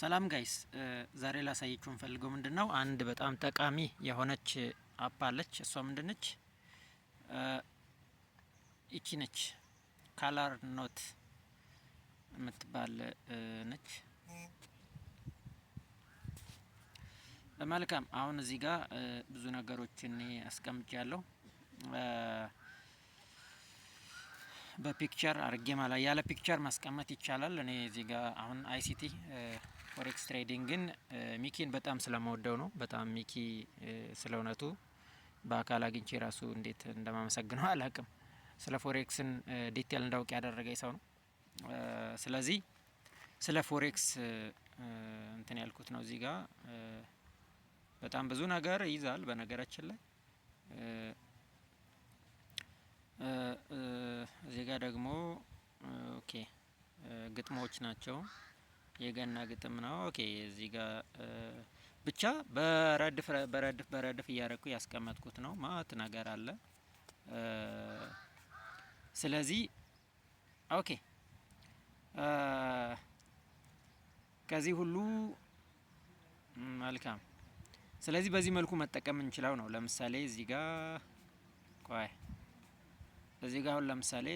ሰላም ጋይስ ዛሬ ላሳያችሁ እንፈልገው ምንድን ነው አንድ በጣም ጠቃሚ የሆነች አፕ አለች። እሷ ምንድን ነች? ይቺ ነች፣ ካላር ኖት የምትባል ነች። መልካም አሁን እዚህ ጋር ብዙ ነገሮችን አስቀምጭ ያለው በፒክቸር አርጌ ማላ ያለ ፒክቸር ማስቀመጥ ይቻላል። እኔ እዚህ ጋር አሁን አይሲቲ ፎሬክስ ትሬዲንግን ሚኪን በጣም ስለመወደው ነው። በጣም ሚኪ ስለ እውነቱ በአካል አግኝቼ ራሱ እንዴት እንደማመሰግነው አላቅም። ስለ ፎሬክስን ዲቴል እንዳውቅ ያደረገ ሰው ነው። ስለዚህ ስለ ፎሬክስ እንትን ያልኩት ነው። እዚህ ጋር በጣም ብዙ ነገር ይይዛል። በነገራችን ላይ እዚህ ጋር ደግሞ ኦኬ ግጥሞች ናቸው። የገና ግጥም ነው። ኦኬ እዚህ ጋር ብቻ በረድፍ በረድፍ በረድፍ እያረኩ ያስቀመጥኩት ነው። ማት ነገር አለ። ስለዚህ ኦኬ ከዚህ ሁሉ መልካም። ስለዚህ በዚህ መልኩ መጠቀም እንችላው ነው። ለምሳሌ እዚህ ጋር ቆይ እዚህ ጋር አሁን ለምሳሌ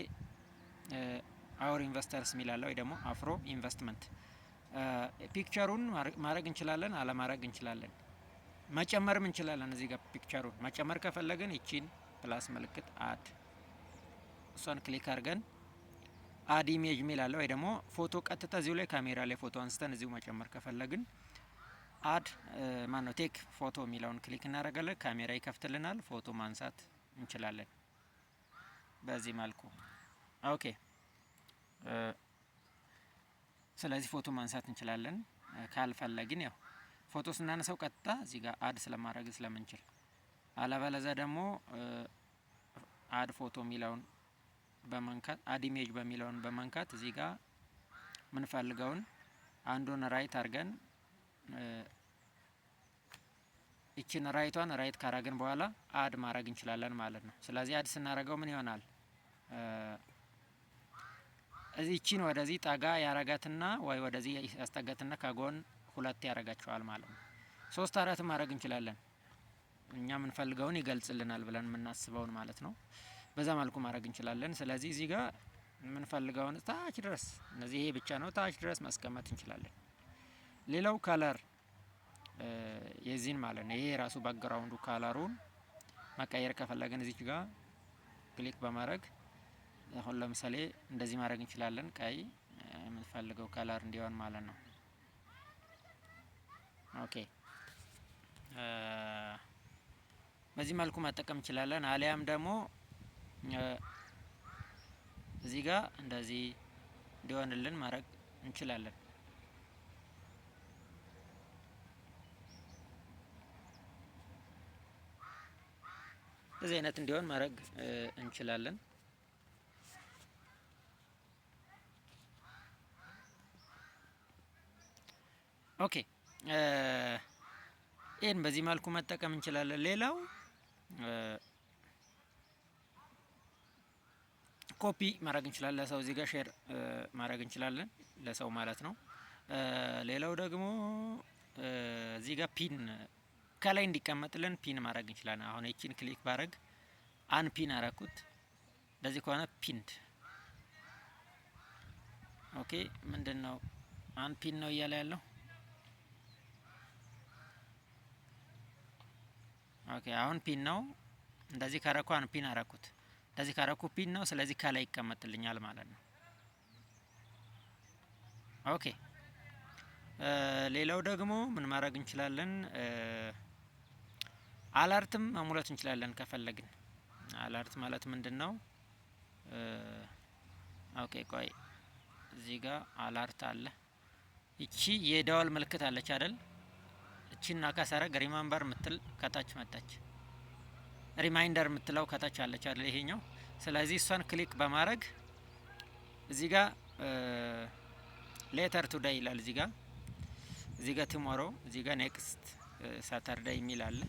አውር ኢንቨስተርስ የሚላለው ወይ ደግሞ አፍሮ ኢንቨስትመንት ፒክቸሩን ማድረግ እንችላለን፣ አለማድረግ እንችላለን፣ መጨመርም እንችላለን። እዚህ ጋር ፒክቸሩን መጨመር ከፈለግን ይቺን ፕላስ ምልክት አድ እሷን ክሊክ አድርገን አድ ኢሜጅ ሚል አለ ወይ ደግሞ ፎቶ ቀጥታ እዚሁ ላይ ካሜራ ላይ ፎቶ አንስተን እዚሁ መጨመር ከፈለግን አድ ማን ነው ቴክ ፎቶ የሚለውን ክሊክ እናደርጋለን። ካሜራ ይከፍትልናል። ፎቶ ማንሳት እንችላለን በዚህ መልኩ ኦኬ። ስለዚህ ፎቶ ማንሳት እንችላለን። ካልፈለግን ያው ፎቶ ስናነሳው ቀጥታ እዚህ ጋር አድ ስለማድረግ ስለምንችል፣ አለበለዛ ደግሞ አድ ፎቶ የሚለውን በመንካት አድ ኢሜጅ በሚለውን በመንካት እዚህ ጋር ምንፈልገውን አንዱን ራይት አድርገን ይችን ራይቷን ራይት ካረግን በኋላ አድ ማድረግ እንችላለን ማለት ነው። ስለዚህ አድ ስናደርገው ምን ይሆናል? እዚችን ወደዚህ ጠጋ ያረጋትና ወይ ወደዚህ ያስጠጋትና ከጎን ሁለት ያረጋቸዋል ማለት ነው። ሶስት አራት ማድረግ እንችላለን። እኛ የምንፈልገውን ይገልጽልናል ብለን የምናስበውን ማለት ነው። በዛ መልኩ ማድረግ እንችላለን። ስለዚህ እዚህ ጋር የምንፈልገውን ታች ድረስ እነዚህ ይሄ ብቻ ነው፣ ታች ድረስ ማስቀመጥ እንችላለን። ሌላው ከለር የዚህን ማለት ነው። ይሄ ራሱ ባክግራውንዱ ከለሩን መቀየር ከፈለግን እዚች ጋር ክሊክ በማድረግ አሁን ለምሳሌ እንደዚህ ማድረግ እንችላለን። ቀይ የምንፈልገው ከለር እንዲሆን ማለት ነው። ኦኬ በዚህ መልኩ መጠቀም እንችላለን። አሊያም ደግሞ እዚህ ጋር እንደዚህ እንዲሆንልን ማድረግ እንችላለን። እዚህ አይነት እንዲሆን ማድረግ እንችላለን። ኦኬ ይህን በዚህ መልኩ መጠቀም እንችላለን። ሌላው ኮፒ ማድረግ እንችላለን። ለሰው እዚህ ጋር ሼር ማድረግ እንችላለን፣ ለሰው ማለት ነው። ሌላው ደግሞ እዚህ ጋር ፒን ከላይ እንዲቀመጥልን ፒን ማድረግ እንችላለን። አሁን ይችን ክሊክ ባረግ አን ፒን አረኩት። እንደዚህ ከሆነ ፒንድ። ኦኬ ምንድን ነው አን ፒን ነው እያለ ያለው ኦኬ አሁን ፒን ነው። እንደዚህ ከረኩ አሁን ፒን አረኩት። እንደዚህ ካረኩ ፒን ነው። ስለዚህ ከላይ ይቀመጥልኛል ማለት ነው። ኦኬ ሌላው ደግሞ ምን ማድረግ እንችላለን? አላርትም መሙላት እንችላለን ከፈለግን። አላርት ማለት ምንድን ነው? ኦኬ ቆይ እዚህ ጋር አላርት አለ። ይቺ የደወል ምልክት አለች አይደል? እቺና ከሰረ ሪማምበር ምትል ከታች መጣች። ሪማይንደር ምትለው ከታች አለች አይደል? ይሄኛው ስለዚህ እሷን ክሊክ በማድረግ እዚህ ጋር ሌተር ቱዴይ ይላል። እዚህ ጋር እዚህ ጋር ቲሞሮ፣ እዚህ ጋር ኔክስት ሳተርዳይ የሚል አለ።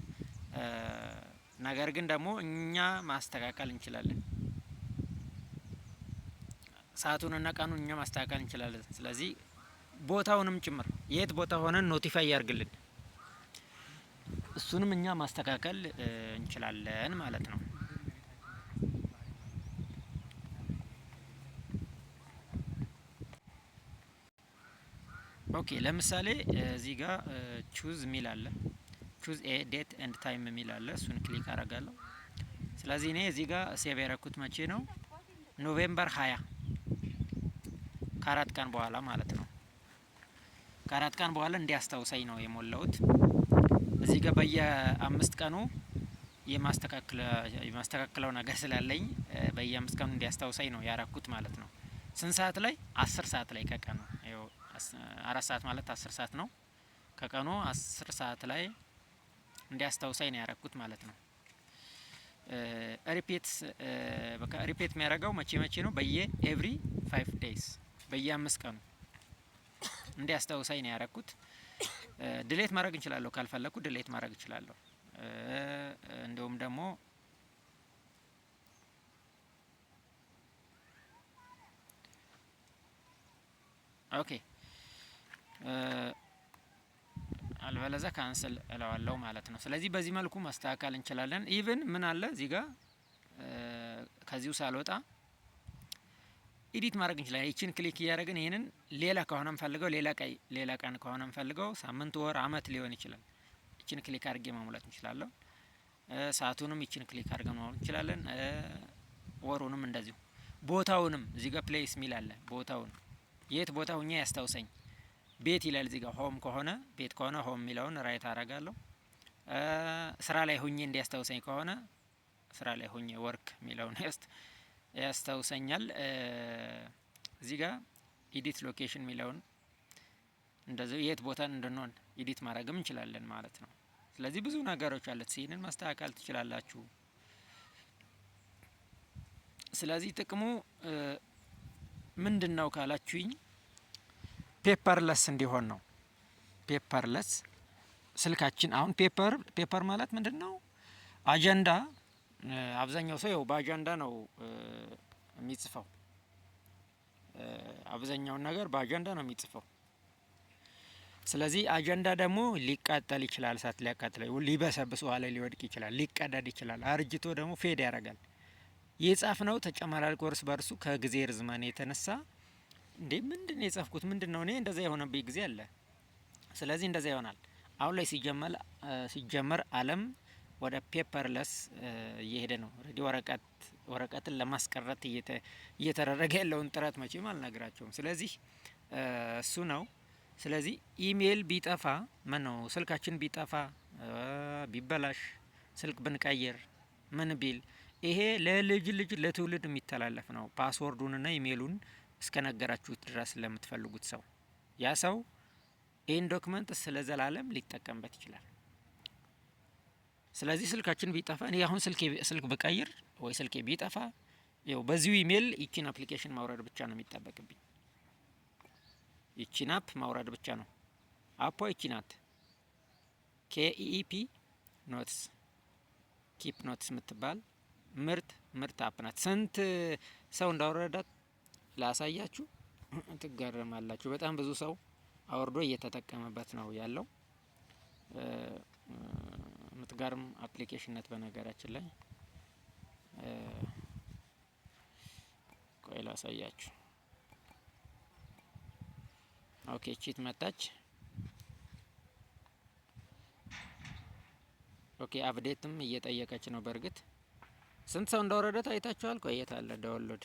ነገር ግን ደግሞ እኛ ማስተካከል እንችላለን። ሰዓቱንና ቀኑን እኛ ማስተካከል እንችላለን። ስለዚህ ቦታውንም ጭምር የት ቦታ ሆነን ኖቲፋይ ያርግልን። እሱንም እኛ ማስተካከል እንችላለን ማለት ነው። ኦኬ ለምሳሌ እዚህ ጋር ቹዝ የሚል አለ። ቹዝ ኤ ዴት ኤንድ ታይም የሚል አለ። እሱን ክሊክ አረጋለሁ። ስለዚህ እኔ እዚህ ጋር ሴቭ ያረኩት መቼ ነው? ኖቬምበር 20 ከአራት ቀን በኋላ ማለት ነው። ከአራት ቀን በኋላ እንዲያስታውሰኝ ነው የሞላሁት። እዚህ ጋር በየአምስት ቀኑ የማስተካከለው ነገር ስላለኝ በየአምስት ቀኑ እንዲያስታውሳኝ ነው ያረኩት ማለት ነው። ስንት ሰዓት ላይ? አስር ሰዓት ላይ ከቀኑ አራት ሰዓት ማለት አስር ሰዓት ነው። ከቀኑ አስር ሰዓት ላይ እንዲያስታውሳኝ ነው ያረኩት ማለት ነው። ሪፔት በቃ ሪፔት የሚያደርገው መቼ መቼ ነው? በየ ኤቭሪ ፋይቭ ዴይስ በየአምስት ቀኑ እንዲያስታውሳኝ ነው ያረኩት። ድሌት ማድረግ እንችላለሁ። ካልፈለኩ ድሌት ማድረግ እችላለሁ። እንዲሁም ደግሞ ኦኬ አልበለዛ ካንስል እለዋለሁ ማለት ነው። ስለዚህ በዚህ መልኩ ማስተካከል እንችላለን። ኢቭን ምን አለ እዚህ ጋር ከዚሁ ሳልወጣ ኢዲት ማድረግ እንችላለን። ይችን ክሊክ እያደረግን ይህንን ሌላ ከሆነ ምፈልገው ሌላ ቀይ ሌላ ቀን ከሆነ ምፈልገው ሳምንት፣ ወር፣ አመት ሊሆን ይችላል። ይችን ክሊክ አድርጌ መሙላት እንችላለሁ። ሰዓቱንም ይችን ክሊክ አድርገን መሙላት እንችላለን። ወሩንም እንደዚሁ ቦታውንም እዚህ ጋር ፕሌስ ሚል አለ። ቦታውን የት ቦታ ሁኛ ያስታውሰኝ ቤት ይላል እዚህ ጋር ሆም ከሆነ ቤት ከሆነ ሆም የሚለውን ራይት አረጋለሁ። ስራ ላይ ሁኜ እንዲያስታውሰኝ ከሆነ ስራ ላይ ሁኜ ወርክ የሚለውን ያስት ያስታውሰኛል። እዚህ ጋር ኢዲት ሎኬሽን የሚለውን እንደዚህ የት ቦታ እንድንሆን ኢዲት ማድረግም እንችላለን ማለት ነው። ስለዚህ ብዙ ነገሮች አለት ይህንን ማስተካከል ትችላላችሁ። ስለዚህ ጥቅሙ ምንድን ነው ካላችሁኝ፣ ፔፐርለስ እንዲሆን ነው። ፔፐርለስ ስልካችን አሁን ፔፐር ፔፐር ማለት ምንድን ነው? አጀንዳ አብዛኛው ሰው ያው በአጀንዳ ነው የሚጽፈው። አብዛኛውን ነገር በአጀንዳ ነው የሚጽፈው። ስለዚህ አጀንዳ ደግሞ ሊቃጠል ይችላል፣ እሳት ሊያቃጥለው፣ ሊበሰብስ፣ ውሃ ሊወድቅ ይችላል፣ ሊቀደድ ይችላል። አርጅቶ ደግሞ ፌድ ያደርጋል። ነው ተጨማላልቆ እርስ በርሱ ከጊዜ ርዝማኔ የተነሳ እንዴ ምንድን ነው የጻፍኩት? ምንድን ነው እኔ እንደዛ የሆነብኝ ጊዜ አለ። ስለዚህ እንደዛ ይሆናል። አሁን ላይ ሲጀመር አለም ወደ ፔፐርለስ እየሄደ ነው። ረዲ ወረቀት ወረቀትን ለማስቀረት እየተደረገ ያለውን ጥረት መቼም አልነግራቸውም። ስለዚህ እሱ ነው። ስለዚህ ኢሜይል ቢጠፋ ምን ነው ስልካችን ቢጠፋ ቢበላሽ፣ ስልክ ብንቀይር፣ ምን ቢል ይሄ ለልጅ ልጅ ለትውልድ የሚተላለፍ ነው። ፓስወርዱንና ኢሜይሉን እስከነገራችሁት ድረስ ለምትፈልጉት ሰው ያ ሰው ይህን ዶክመንት ስለ ዘላለም ሊጠቀምበት ይችላል። ስለዚህ ስልካችን ቢጠፋ እኔ አሁን ስልክ ብቀይር ወይ ስልኬ ቢጠፋ ያው በዚሁ ኢሜል ይቺን አፕሊኬሽን ማውረድ ብቻ ነው የሚጠበቅብኝ። ይቺን አፕ ማውረድ ብቻ ነው። አፖ ይቺ ናት። ኬኢኢፒ ኖትስ ኪፕ ኖትስ የምትባል ምርት ምርት አፕ ናት። ስንት ሰው እንዳወረዳት ላሳያችሁ፣ ትገረማላችሁ። በጣም ብዙ ሰው አውርዶ እየተጠቀመበት ነው ያለው። ጋርም አፕሊኬሽንነት በነገራችን ላይ ቆይ ላሳያችሁ። ኦኬ ቺት መጣች። ኦኬ አፕዴትም እየጠየቀች ነው። በእርግጥ ስንት ሰው እንደወረደ ታይታችኋል። ቆየታለ ዳውንሎድ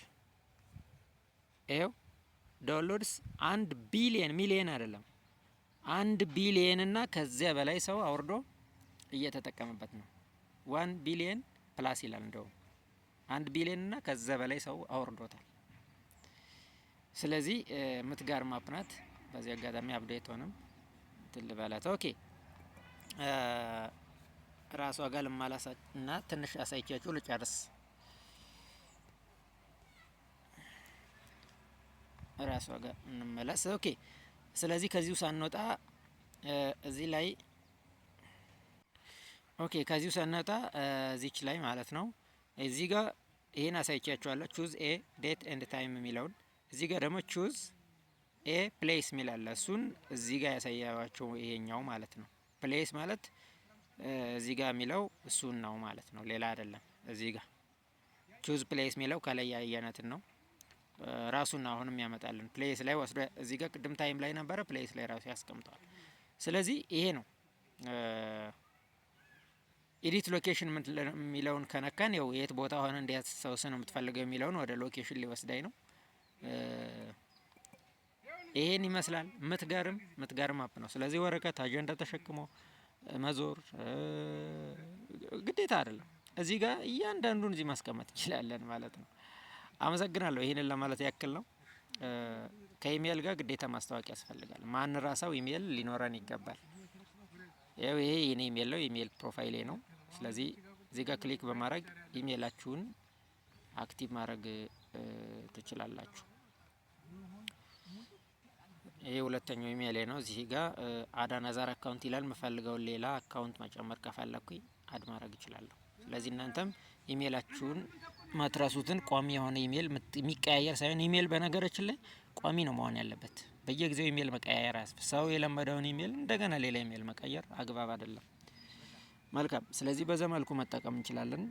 ይኸው ዳውንሎድስ አንድ ቢሊየን ሚሊየን አይደለም አንድ ቢሊየን እና ከዚያ በላይ ሰው አውርዶ እየተጠቀመበት ነው። ዋን ቢሊየን ፕላስ ይላል። እንደውም አንድ ቢሊየን እና ከዛ በላይ ሰው አወርዶታል። ስለዚህ ምትጋር ማፕ ናት። በዚህ አጋጣሚ አፕዴት ሆንም ትል ባላት ኦኬ ራሷ ጋር ልማላሳ እና ትንሽ አሳይቻችሁ ልጨርስ። ራሷ ጋር እንመለስ። ኦኬ ስለዚህ ከዚሁ ሳንወጣ እዚህ ላይ ኦኬ ከዚሁ ሰነጣ እዚች ላይ ማለት ነው። እዚህ ጋር ይህን አሳይቻችኋለሁ። ቹዝ ኤ ዴት ኤንድ ታይም የሚለውን እዚህ ጋር ደግሞ ቹዝ ኤ ፕሌስ የሚላለ እሱን እዚህ ጋር ያሳያቸው ይሄኛው ማለት ነው። ፕሌስ ማለት እዚህ ጋር የሚለው እሱን ነው ማለት ነው፣ ሌላ አይደለም። እዚህ ጋር ቹዝ ፕሌስ የሚለው ከላይ ያየነትን ነው ራሱን አሁንም ያመጣልን ፕሌስ ላይ ወስዶ እዚህ ጋር ቅድም ታይም ላይ ነበረ፣ ፕሌስ ላይ ራሱ ያስቀምጠዋል። ስለዚህ ይሄ ነው ኤዲት ሎኬሽን የሚለውን ከነካን ያው የት ቦታ ሆነ እንዲያስታውስ ነው የምትፈልገው የሚለውን ወደ ሎኬሽን ሊወስዳኝ ነው። ይሄን ይመስላል። ምትጋርም ምትጋርም አፕ ነው። ስለዚህ ወረቀት አጀንዳ ተሸክሞ መዞር ግዴታ አይደለም። እዚህ ጋር እያንዳንዱን እዚህ ማስቀመጥ እንችላለን ማለት ነው። አመሰግናለሁ። ይህንን ለማለት ያክል ነው። ከኢሜይል ጋር ግዴታ ማስታወቂያ ያስፈልጋል። ማን ራሳው ኢሜይል ሊኖረን ይገባል። ይሄ የኔ ኢሜይል ነው። ኢሜይል ፕሮፋይሌ ነው። ስለዚህ እዚህ ጋር ክሊክ በማድረግ ኢሜይላችሁን አክቲቭ ማድረግ ትችላላችሁ። ይሄ ሁለተኛው ኢሜይል ነው። እዚህ ጋር አዳ ናዛር አካውንት ይላል። የምፈልገውን ሌላ አካውንት መጨመር ከፈለኩኝ አድ ማድረግ እችላለሁ። ስለዚህ እናንተም ኢሜይላችሁን መትረሱትን ቋሚ የሆነ ኢሜይል የሚቀያየር ሳይሆን ኢሜይል በነገራችን ላይ ቋሚ ነው መሆን ያለበት። በየጊዜው ኢሜይል መቀያየር አያስፈልግም። ሰው የለመደውን ኢሜይል እንደገና ሌላ ኢሜይል መቀየር አግባብ አይደለም። መልካም። ስለዚህ በዛ መልኩ መጠቀም እንችላለን።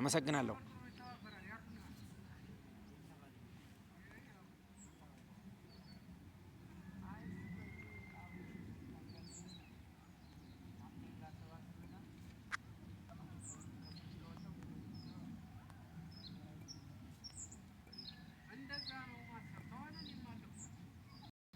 አመሰግናለሁ።